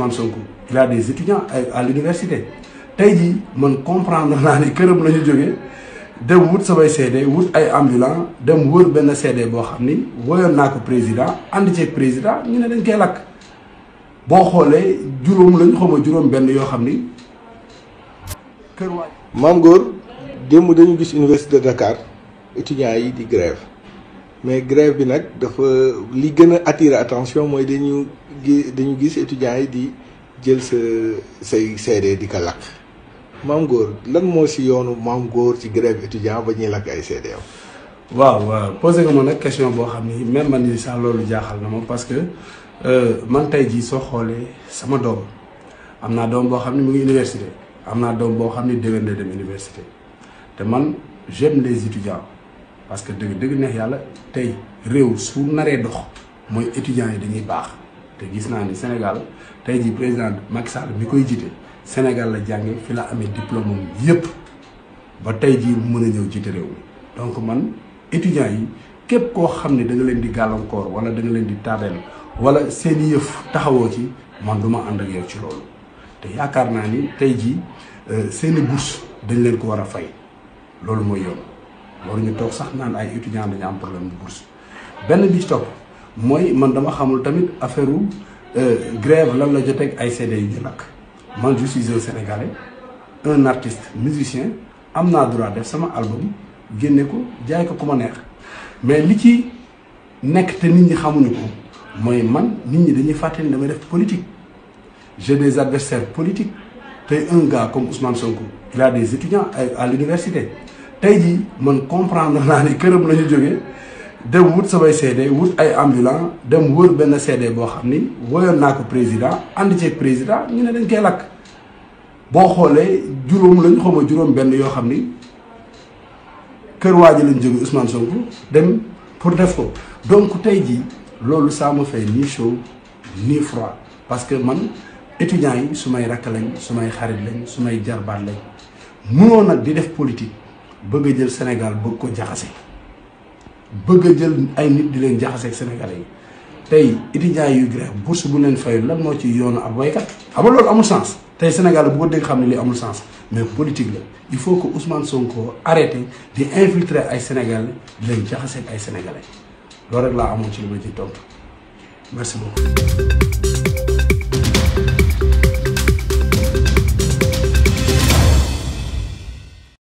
Ousmane Sonko il y a des étudiants à l'université tey jii man comprendre naa ni këram lañu ñu jógee dem wut samay CD wut ay ambulants dem wër benn CD boo xam ni woyoon naa ko président ànd ceeg président ñu ne dañ koy lakk boo xoolee juróom lañ xaw juróom benn yoo xam ni kër waay. Maam Góor démb dañu gis université de Dakar étudiants yi di grève mais grève bi nag dafa li gën a attirer attention mooy dañu gi dañu gis étudiants yi di jël sa say seede di ko lakk maam góor lan moo si yoonu maam góor ci grève étudiant ba ñuy lakk ay seede waaw waaw posé nga moo nag question boo xam ni même man ni sax loolu jaaxal na moom parce que euh, man tey jii soo xoolee sama doom am naa doom boo xam ne mu ngi université am naa doom boo xam ne déwén dem université te man j'aime les étudiants parce que dëgg dëgg neex yàlla tey réew su naree dox mooy étudiants yi dañuy baax te gis naa ni Sénégal tey ji président Macky Sall mi koy jiite Sénégal la jànge fi la amee diplôme am yépp ba tey jii mën a ñëw jiite réew mi donc man étudiants yi képp koo xam ne da nga leen di gàllankoor wala da leen di tardeel wala seeni yëf taxawoo ci man du ma ànd ak yow ci loolu te yaakaar naa ni tey jii euh, seeni bourse dañ leen ko war a fay loolu mooy yoon waruñu toog sax naan ay étudiants dañu am problème bu bourse benn bi ci topp mooy man dama xamul tamit affaire u euh, grève lan la joteeg ay CD yu ñu lakk man je suis un sénégalais musicien am naa droit def sama album génne ko jaay ko ku ma neex mais li ci nekk te nit ñi xamuñu ko mooy man nit ñi dañuy fàtte ni damay def politique j'ai des adversaires politiques tey un gars comme Ousmane Sonko il a des étudiants à l'université tey jii man comprendre naa ne këram la ñu jógee dem wut samay CD wut ay ambulance dem wër benn CD boo xam ni woyoon naa ko président ànd ceeg président ñu ne dañ koy lakk boo xoolee juróom lañ xaw juróom benn yoo xam ni kër waa ji lañ jóge Ousmane Sonko dem pour def ko donc tey jii loolu saa me fait ni chaud ni froid parce que man étudiants yi su may rakk lañ su may xarit lañ su may jarbaat lañ mënoo nag di def politique bëgg jël Sénégal bëgg ko jaxase bëgg jël ay nit di leen jaxase ak Sénégalais yi tey étudiants yuy grève bourse bu leen fayul lan moo ci yoonu ab waykat xam nga loolu amul sens tey Sénégal bu ko dégg xam ne lii amul sens mais politique la il faut que Ousmane Sonko arrêté di infiltrer ay Sénégalais di leen jaxase ay Sénégalais loolu rek laa amoon ci li ci tontu merci beaucoup.